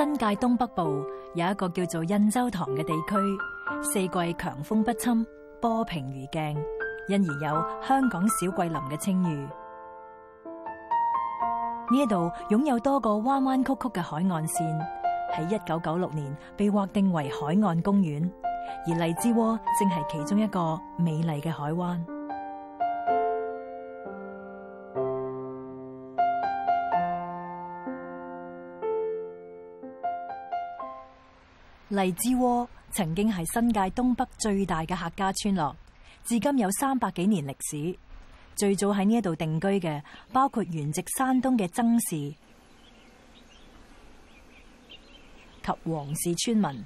新界東北部有一個叫做印洲塘嘅地區，四季強風不侵，波平如鏡，因而有香港小桂林嘅稱譽。呢一度擁有多個彎彎曲曲嘅海岸綫，喺一九九六年被劃定為海岸公園，而荔枝窩正係其中一個美麗嘅海灣。荔枝窩曾經係新界東北最大嘅客家村落，至今有三百幾年歷史。最早喺呢度定居嘅，包括原籍山東嘅曾氏及黃氏村民。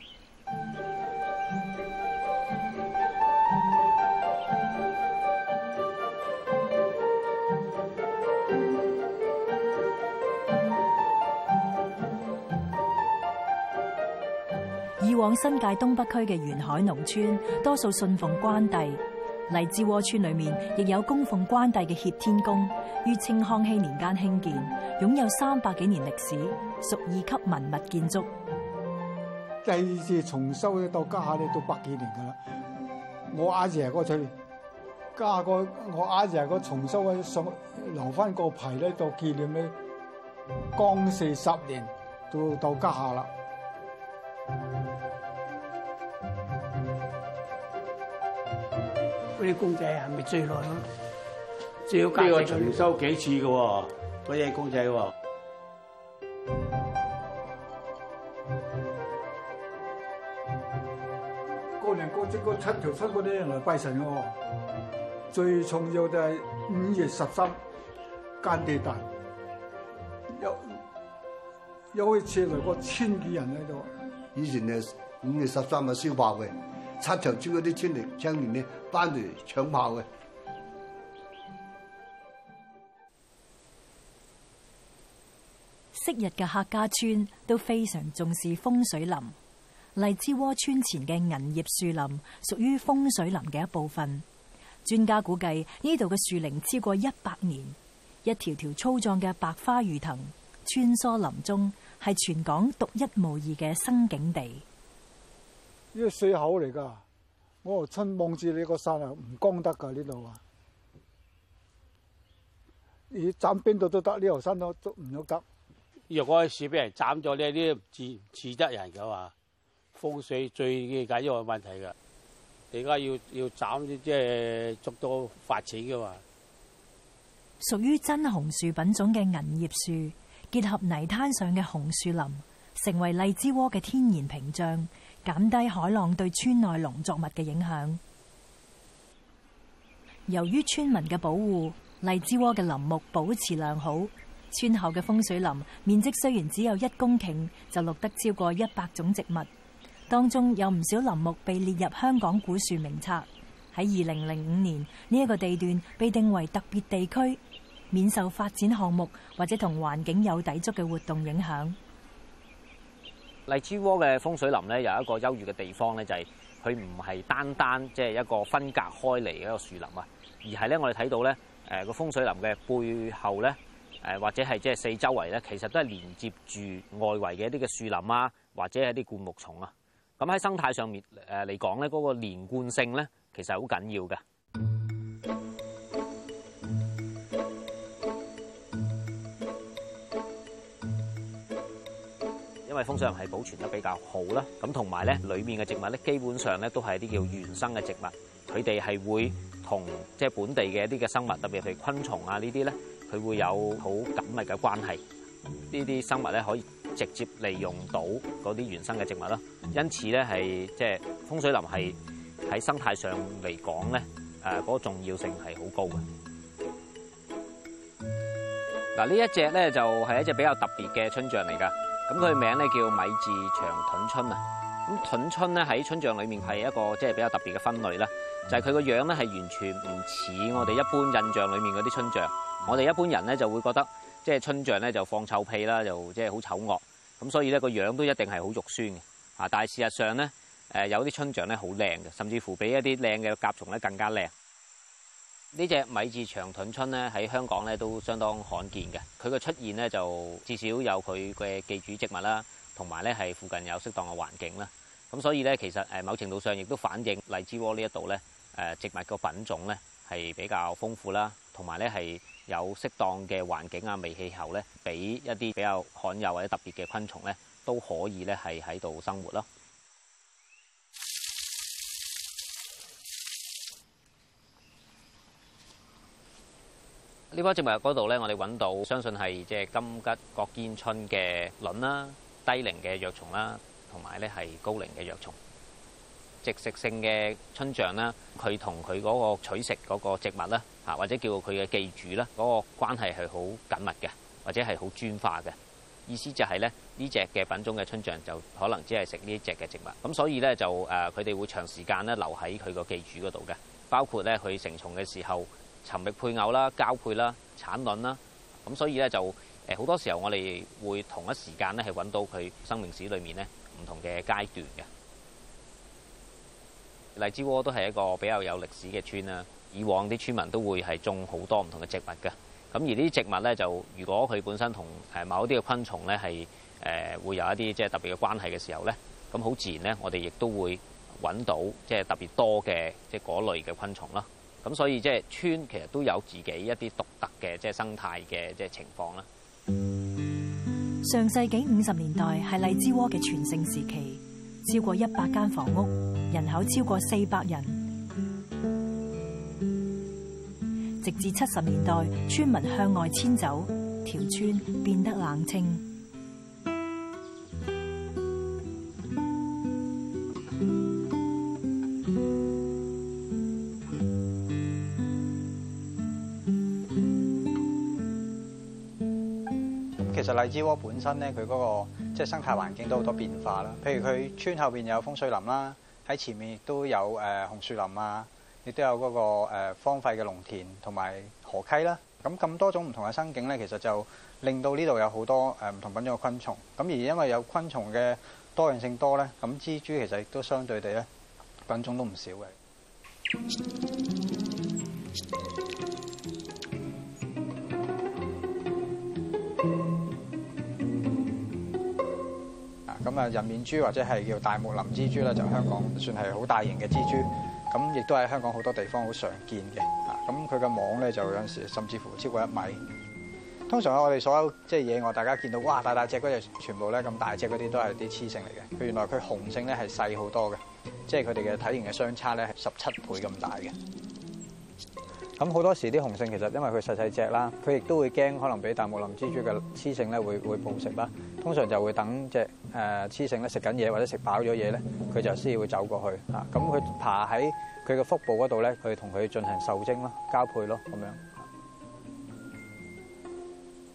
往新界東北區嘅沿海農村，多數信奉關帝。荔枝窩村裏面亦有供奉關帝嘅協天宮，於清康熙年間興建，擁有三百幾年歷史，屬二級文物建築。第二次重修到家下咧都百幾年噶啦。我阿爺嗰次家個我阿爺個重修嘅，上留翻個牌咧到紀念咧，光緒十年到到家下啦。啲公仔啊，咪最耐咯，最好堅持咯。呢個收幾次嘅喎，嗰啲公仔喎。過年過節過七條七嗰啲人嚟拜神嘅喎，最重要就係五月十三間地大，有又可以請嚟過千幾人喺度。以前誒五月十三咪燒爆嘅。七頭村嗰啲村嚟聽完咧，翻嚟搶炮嘅。昔日嘅客家村都非常重視風水林，荔枝窩村前嘅銀葉樹林屬於風水林嘅一部分。專家估計呢度嘅樹齡超過一百年，一條條粗壯嘅白花魚藤穿梭林中，係全港獨一無二嘅生境地。呢個水口嚟噶，我親望住你個山啊，唔光得噶呢度啊！你斬邊度都得，呢條山都都唔得。若果樹俾人斬咗，呢啲唔似似得人嘅嘛？風水最易解呢個問題嘅，你而家要要斬即係捉到發錢嘅嘛？屬於真紅樹品種嘅銀葉樹，結合泥灘上嘅紅樹林，成為荔枝窩嘅天然屏障。減低海浪對村內農作物嘅影響。由於村民嘅保護，荔枝窩嘅林木保持良好。村後嘅風水林面積雖然只有一公頃，就錄得超過一百種植物，當中有唔少林木被列入香港古樹名冊。喺二零零五年，呢一個地段被定為特別地區，免受發展項目或者同環境有抵觸嘅活動影響。荔枝窩嘅風水林咧，有一個優越嘅地方咧，就係佢唔係單單即係一個分隔開嚟嘅一個樹林啊，而係咧我哋睇到，咧，誒個風水林嘅背後咧，誒或者係即係四周圍咧，其實都係連接住外圍嘅一啲嘅樹林啊，或者係一啲灌木叢啊。咁喺生態上面誒嚟講咧，嗰個連貫性咧，其實係好緊要嘅。因為風水林係保存得比較好啦，咁同埋咧，裏面嘅植物咧，基本上咧都係一啲叫原生嘅植物，佢哋係會同即係本地嘅一啲嘅生物，特別係昆蟲啊呢啲咧，佢會有好緊密嘅關係。呢啲生物咧可以直接利用到嗰啲原生嘅植物啦，因此咧係即係風水林係喺生態上嚟講咧，誒嗰個重要性係好高嘅。嗱呢一隻咧就係一隻比較特別嘅椿象嚟㗎。咁佢名咧叫米字長盾春啊，咁盾春咧喺春象裏面係一個即係、就是、比較特別嘅分類啦，就係佢個樣咧係完全唔似我哋一般印象裏面嗰啲春象，我哋一般人咧就會覺得即係、就是、春象咧就放臭屁啦，就即係好醜惡，咁所以咧個樣都一定係好肉酸嘅啊。但係事實上咧，誒有啲春象咧好靚嘅，甚至乎比一啲靚嘅甲蟲咧更加靚。呢隻米字長盾春咧喺香港咧都相當罕見嘅，佢嘅出現咧就至少有佢嘅寄主植物啦，同埋咧係附近有適當嘅環境啦。咁所以咧，其實誒某程度上亦都反映荔枝窩呢一度咧誒植物個品種咧係比較豐富啦，同埋咧係有適當嘅環境啊、微氣候咧，俾一啲比較罕有或者特別嘅昆蟲咧都可以咧係喺度生活咯。呢棵植物嗰度咧，我哋揾到，相信係即係金桔、角肩椿嘅卵啦、低齡嘅若蟲啦，同埋咧係高齡嘅若蟲。植食性嘅椿象啦，佢同佢嗰個取食嗰個植物啦，吓，或者叫佢嘅寄主啦，嗰、那個關係係好緊密嘅，或者係好專化嘅。意思就係、是、咧，呢隻嘅品種嘅椿象就可能只係食呢隻嘅植物，咁所以咧就誒佢哋會長時間咧留喺佢個寄主嗰度嘅，包括咧佢成蟲嘅時候。尋覓配偶啦、交配啦、產卵啦，咁所以咧就誒好多時候，我哋會同一時間咧係揾到佢生命史裏面咧唔同嘅階段嘅。荔枝窩都係一個比較有歷史嘅村啦。以往啲村民都會係種好多唔同嘅植物嘅。咁而呢啲植物咧，就如果佢本身同誒某啲嘅昆蟲咧係誒會有一啲即係特別嘅關係嘅時候咧，咁好自然咧，我哋亦都會揾到即係特別多嘅即係嗰類嘅昆蟲啦。咁所以即係村，其實都有自己一啲獨特嘅即係生態嘅即係情況啦。上世紀五十年代，係荔枝窩嘅全盛時期，超過一百間房屋，人口超過四百人。直至七十年代，村民向外遷走，條村變得冷清。荔枝窩本身咧，佢嗰個即係生態環境都好多變化啦。譬如佢村後邊有風水林啦，喺前面亦都有誒紅樹林啊，亦都有嗰個荒廢嘅農田同埋河溪啦。咁咁多種唔同嘅生境咧，其實就令到呢度有好多誒唔同品種嘅昆蟲。咁而因為有昆蟲嘅多樣性多咧，咁蜘蛛其實亦都相對地咧品種都唔少嘅。咁啊，人面蛛或者係叫大木林蜘蛛咧，就是、香港算係好大型嘅蜘蛛。咁亦都喺香港好多地方好常見嘅。啊，咁佢嘅網咧就有陣時甚至乎超過一米。通常我哋所有即係野外大家見到，哇，大大隻嗰隻，全部咧咁大隻嗰啲都係啲雌性嚟嘅。佢原來佢雄性咧係細好多嘅，即係佢哋嘅體型嘅相差咧係十七倍咁大嘅。咁好多時啲雄性其實因為佢細細隻啦，佢亦都會驚可能俾大木林蜘蛛嘅雌性咧會會捕食啦。通常就會等隻誒雌、呃、性咧食緊嘢或者食飽咗嘢咧，佢就先會走過去啊！咁佢爬喺佢嘅腹部嗰度咧，去同佢進行受精咯、交配咯咁樣。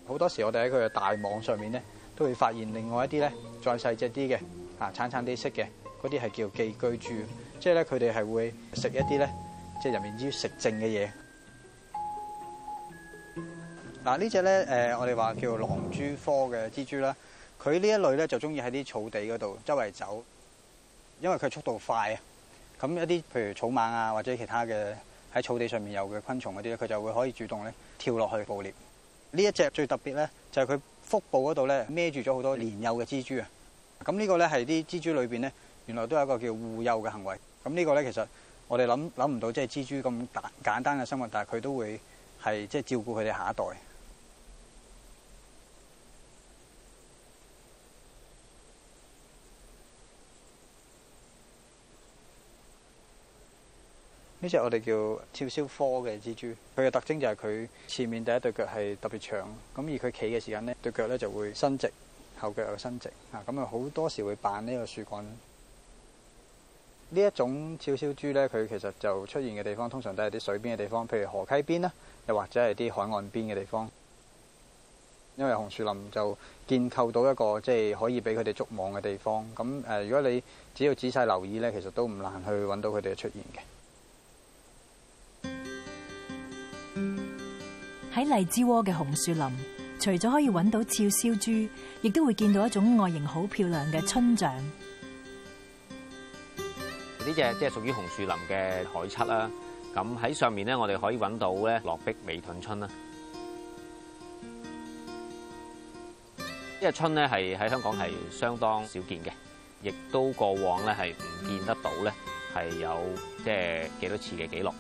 好多時我哋喺佢嘅大網上面咧，都會發現另外一啲咧再細隻啲嘅啊，橙橙哋色嘅嗰啲係叫寄居蛛，即係咧佢哋係會食一啲咧即係入面啲食剩嘅嘢。嗱呢隻咧誒，我哋話叫狼蛛科嘅蜘蛛啦。佢呢一類咧就中意喺啲草地嗰度周圍走，因為佢速度快啊。咁一啲譬如草蜢啊，或者其他嘅喺草地上面有嘅昆蟲嗰啲咧，佢就會可以主動咧跳落去捕獵。呢一隻最特別咧，就係佢腹部嗰度咧孭住咗好多年幼嘅蜘蛛啊。咁呢個咧係啲蜘蛛裏面咧，原來都有一個叫護幼嘅行為。咁呢個咧其實我哋諗諗唔到，即係蜘蛛咁簡簡單嘅生物，但係佢都會係即係照顧佢哋下一代。呢隻我哋叫肖蛸科嘅蜘蛛，佢嘅特徵就係佢前面第一對腳係特別長。咁而佢企嘅時間呢，對腳呢就會伸直，後腳又伸直啊。咁啊，好多時會扮呢個樹幹呢一種肖蛸蛛呢，佢其實就出現嘅地方通常都係啲水邊嘅地方，譬如河溪邊啦，又或者係啲海岸邊嘅地方，因為紅樹林就建構到一個即係、就是、可以俾佢哋捉網嘅地方。咁誒，如果你只要仔細留意呢，其實都唔難去揾到佢哋嘅出現嘅。喺荔枝窩嘅紅樹林，除咗可以揾到俏燒豬，亦都會見到一種外形好漂亮嘅春象。呢隻即係屬於紅樹林嘅海漆啦。咁喺上面咧，我哋可以揾到咧落壁尾盾春啦。呢個春咧係喺香港係相當少見嘅，亦都過往咧係唔見得到咧，係有即係幾多次嘅記錄。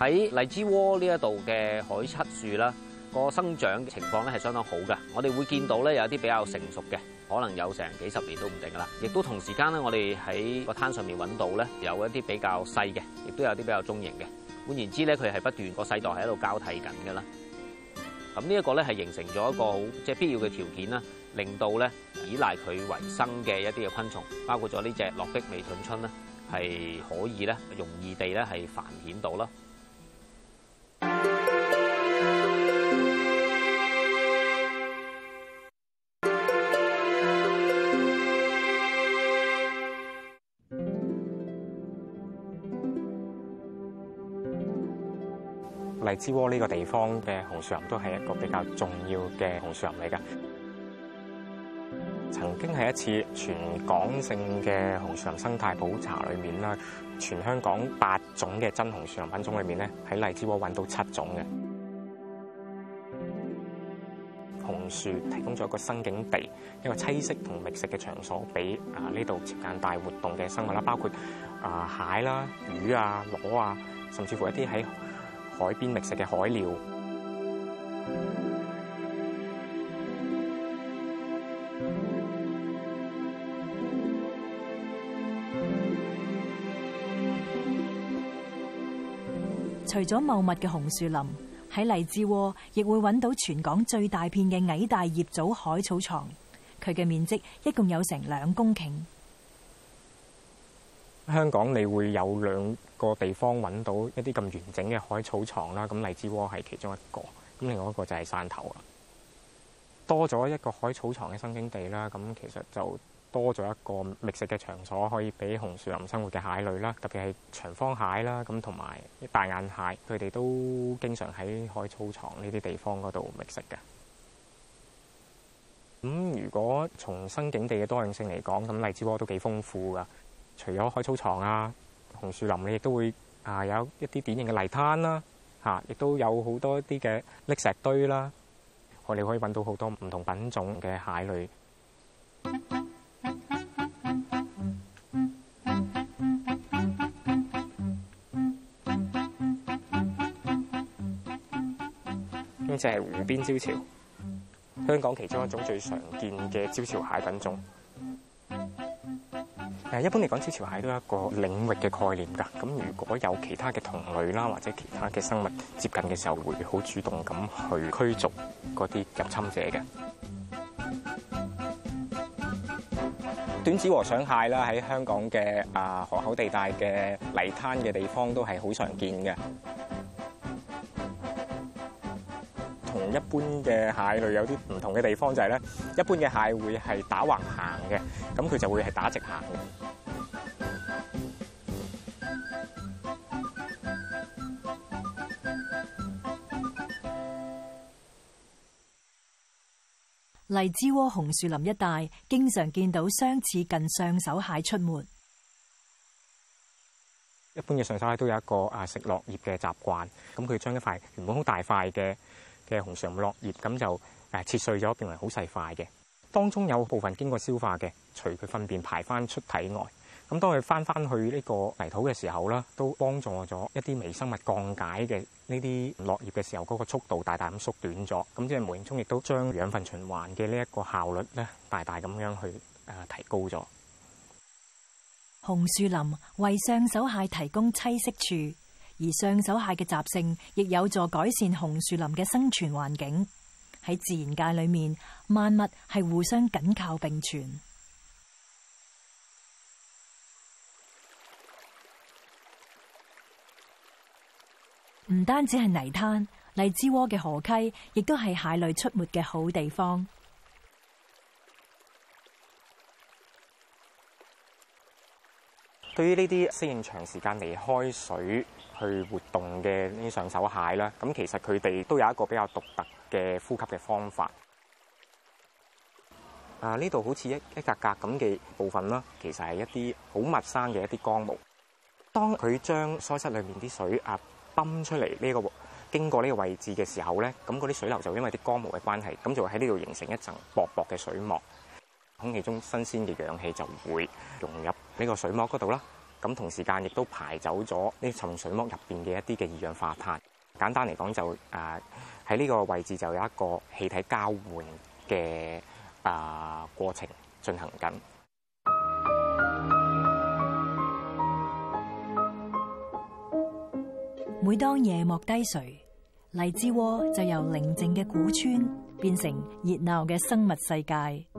喺荔枝窩呢一度嘅海漆樹啦，個生長情況咧係相當好噶。我哋會見到咧有一啲比較成熟嘅，可能有成幾十年都唔定噶啦。亦都同時間咧，我哋喺個灘上面揾到咧有一啲比較細嘅，亦都有啲比較中型嘅。換言之咧，佢係不斷個世代喺度交替緊噶啦。咁呢一個咧係形成咗一個好即係必要嘅條件啦，令到咧依賴佢為生嘅一啲嘅昆蟲，包括咗呢隻落壁微盾春咧，係可以咧容易地咧係繁衍到囉。荔枝窩呢個地方嘅紅樹林都係一個比較重要嘅紅樹林嚟嘅，曾經係一次全港性嘅紅樹林生態普查裏面啦，全香港八種嘅真紅樹林品種裏面咧喺荔枝窩揾到七種嘅紅樹，提供咗一個生境地，一個棲息同覓食嘅場所俾啊，呢度潮間帶活動嘅生物啦，包括啊、呃、蟹啦、魚啊、螺啊，甚至乎一啲喺海邊覓食嘅海鳥，除咗茂密嘅紅樹林喺荔枝窩，亦會揾到全港最大片嘅矮大葉藻海草床，佢嘅面積一共有成兩公頃。香港你會有兩個地方揾到一啲咁完整嘅海草床啦。咁荔枝窩係其中一個，咁另外一個就係山頭啦。多咗一個海草床嘅生境地啦，咁其實就多咗一個覓食嘅場所，可以俾紅樹林生活嘅蟹類啦，特別係長方蟹啦，咁同埋大眼蟹，佢哋都經常喺海草床呢啲地方嗰度覓食嘅。咁如果從生境地嘅多樣性嚟講，咁荔枝窩都幾豐富噶。除咗海草床啊、紅樹林也、啊啊也啊，你亦都會啊有一啲典型嘅泥灘啦，嚇，亦都有好多啲嘅礫石堆啦，我哋可以揾到好多唔同品種嘅蟹類。呢隻係湖邊招潮，香港其中一種最常見嘅招潮蟹品種。誒一般嚟講，招潮蟹都係一個領域嘅概念㗎。咁如果有其他嘅同類啦，或者其他嘅生物接近嘅時候，會好主動咁去驅逐嗰啲入侵者嘅。短趾和尚蟹啦，喺香港嘅啊、呃、河口地帶嘅泥灘嘅地方都係好常見嘅。一般嘅蟹類有啲唔同嘅地方就係咧，一般嘅蟹會係打橫行嘅，咁佢就會係打直行嘅。荔枝窩紅樹林一帶經常見到相似近上手蟹出沒。一般嘅上手蟹都有一個啊食落葉嘅習慣，咁佢將一塊原本好大塊嘅。嘅紅樹落葉咁就誒切碎咗，變為好細塊嘅。當中有部分經過消化嘅，隨佢糞便排翻出體外。咁當佢翻翻去呢個泥土嘅時候啦，都幫助咗一啲微生物降解嘅呢啲落葉嘅時候，嗰個速度大大咁縮短咗。咁即係無形中亦都將養分循環嘅呢一個效率咧，大大咁樣去誒提高咗。紅樹林為上手蟹提供棲息處。而上手蟹嘅習性，亦有助改善紅樹林嘅生存環境。喺自然界裏面，萬物係互相緊靠並存。唔單止係泥灘、荔枝窩嘅河溪，亦都係蟹類出沒嘅好地方。對於呢啲適應長時間離開水去活動嘅呢啲上手蟹啦，咁其實佢哋都有一個比較獨特嘅呼吸嘅方法。啊，呢度好似一一格格咁嘅部分啦，其實係一啲好密生嘅一啲光毛。當佢將鰓室裏面啲水啊泵出嚟呢、呢個經過呢個位置嘅時候呢，咁嗰啲水流就因為啲光毛嘅關係，咁就會喺呢度形成一層薄薄嘅水膜，空氣中新鮮嘅氧氣就會融入。呢個水膜嗰度啦，咁同時間亦都排走咗呢層水膜入邊嘅一啲嘅二氧化碳。簡單嚟講就誒喺呢個位置就有一個氣體交換嘅啊過程進行緊。每當夜幕低垂，荔枝窩就由寧靜嘅古村變成熱鬧嘅生物世界。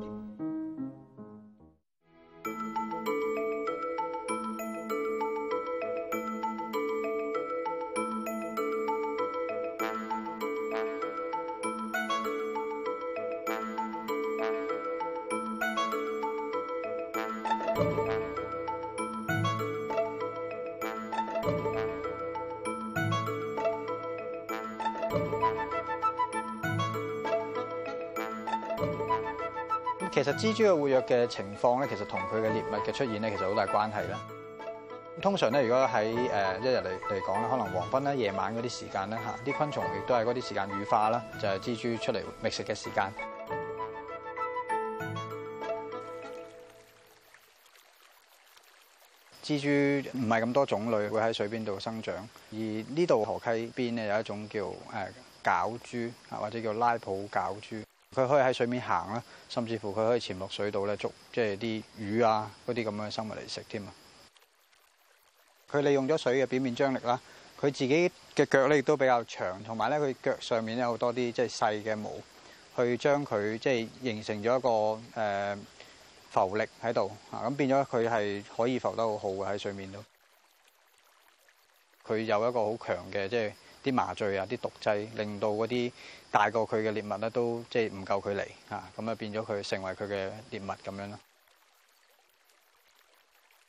其實蜘蛛嘅活躍嘅情況咧，其實同佢嘅獵物嘅出現咧，其實好大關係啦。通常咧，如果喺誒一日嚟嚟講咧，可能黃昏咧、夜晚嗰啲時間咧嚇，啲昆蟲亦都係嗰啲時間羽化啦，就係、是、蜘蛛出嚟覓食嘅時間。蜘蛛唔係咁多種類會喺水邊度生長，而呢度河溪邊咧有一種叫誒狡蛛啊，或者叫拉普狡蛛。佢可以喺水面行啦，甚至乎佢可以潛落水度咧捉，即係啲魚啊嗰啲咁樣嘅生物嚟食添啊！佢利用咗水嘅表面張力啦，佢自己嘅腳咧亦都比較長，同埋咧佢腳上面咧有多啲即係細嘅毛，去將佢即係形成咗一個誒、呃、浮力喺度啊！咁變咗佢係可以浮得好好嘅喺水面度。佢有一個好強嘅即係。就是啲麻醉啊，啲毒劑，令到嗰啲大過佢嘅獵物咧，都即係唔夠佢嚟嚇，咁啊變咗佢成為佢嘅獵物咁樣咯。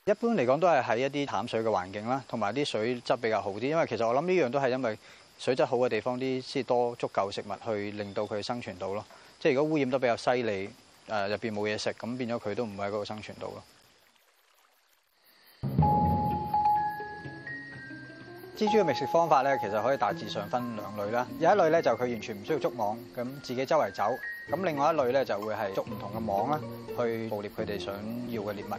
一般嚟講，都係喺一啲淡水嘅環境啦，同埋啲水質比較好啲。因為其實我諗呢樣都係因為水質好嘅地方，啲先多足夠食物去令到佢生存到咯。即係如果污染得比較犀利，誒入邊冇嘢食，咁變咗佢都唔會喺嗰度生存到咯。蜘蛛嘅覓食方法咧，其實可以大致上分兩類啦。有一類咧就佢完全唔需要捉網，咁自己周圍走。咁另外一類咧就會係捉唔同嘅網啦，去捕獵佢哋想要嘅獵物。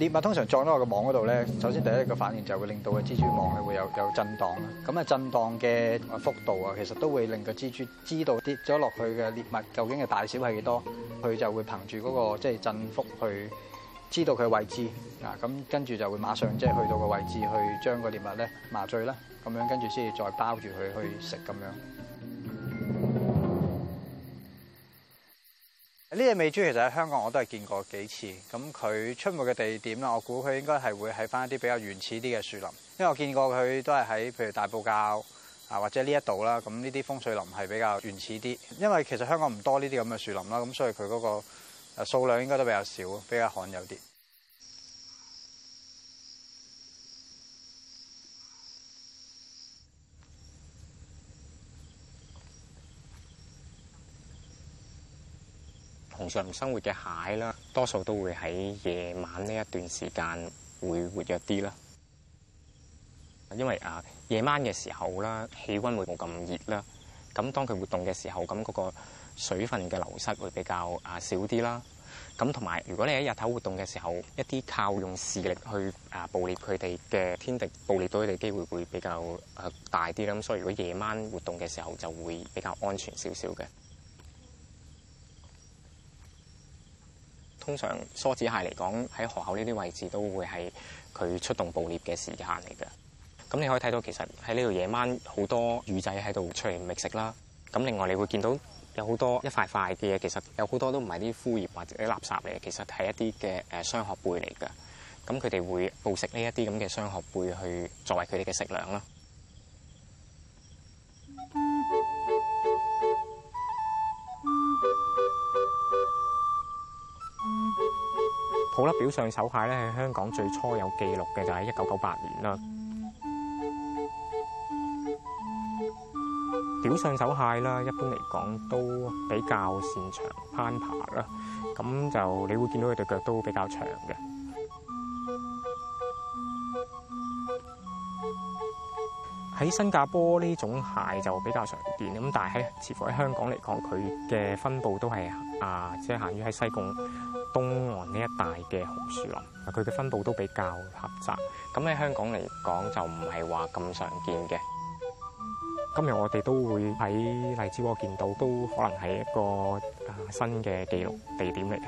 獵物通常撞到我個網嗰度咧，首先第一個反應就會令到個蜘蛛網咧會有震盪。咁啊震盪嘅幅度啊，其實都會令個蜘蛛知道跌咗落去嘅獵物究竟嘅大小係幾多，佢就會憑住嗰個即係振幅去。知道佢位置啊，咁跟住就會馬上即係去到個位置去將個獵物咧麻醉啦，咁樣跟住先至再包住佢去食咁樣。呢隻美豬其實喺香港我都係見過幾次，咁佢出沒嘅地點咧，我估佢應該係會喺翻一啲比較原始啲嘅樹林，因為我見過佢都係喺譬如大埔滘啊，或者呢一度啦，咁呢啲風水林係比較原始啲，因為其實香港唔多呢啲咁嘅樹林啦，咁所以佢嗰個。數量應該都比較少，比較罕有啲。紅樹林生活嘅蟹啦，多數都會喺夜晚呢一段時間會活躍啲啦，因為啊夜晚嘅時候啦，氣温會冇咁熱啦。咁當佢活動嘅時候，咁、那、嗰個水分嘅流失會比較啊少啲啦。咁同埋如果你喺日頭活動嘅時候，一啲靠用視力去啊捕獵佢哋嘅天敵，捕獵到佢哋機會會比較啊大啲啦。咁所以如果夜晚活動嘅時候就會比較安全少少嘅。通常梭子蟹嚟講，喺學校呢啲位置都會係佢出動捕獵嘅時間嚟嘅。咁你可以睇到，其實喺呢度夜晚好多魚仔喺度出嚟覓食啦。咁另外，你會見到有好多一塊塊嘅嘢，其實有好多都唔係啲枯葉或者啲垃圾嚟，其實係一啲嘅誒雙殼貝嚟嘅。咁佢哋會捕食呢一啲咁嘅雙殼貝去作為佢哋嘅食糧啦。普笠表上手蟹咧，喺香港最初有記錄嘅就係一九九八年啦。表上手蟹啦，一般嚟講都比較擅長攀爬啦，咁就你會見到佢對腳都比較長嘅。喺新加坡呢種蟹就比較常見，咁但係喺似乎喺香港嚟講，佢嘅分佈都係啊，即係限於喺西貢東岸呢一帶嘅紅樹林，佢嘅分佈都比較狹窄，咁喺香港嚟講就唔係話咁常見嘅。今日我哋都會喺荔枝窩見到，都可能係一個新嘅記錄地點嚟嘅。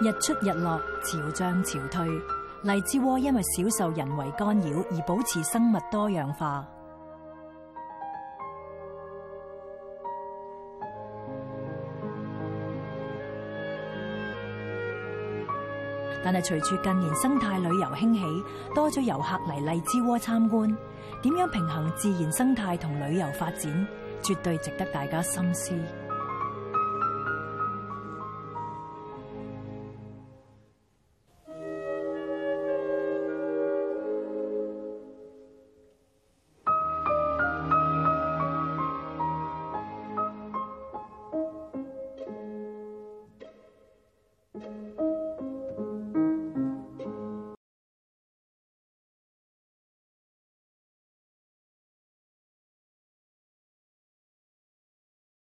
日出日落，潮漲潮退，荔枝窩因為少受人為干擾，而保持生物多樣化。但係隨住近年生態旅遊興起，多咗遊客嚟荔枝窩參觀，點樣平衡自然生態同旅遊發展，絕對值得大家深思。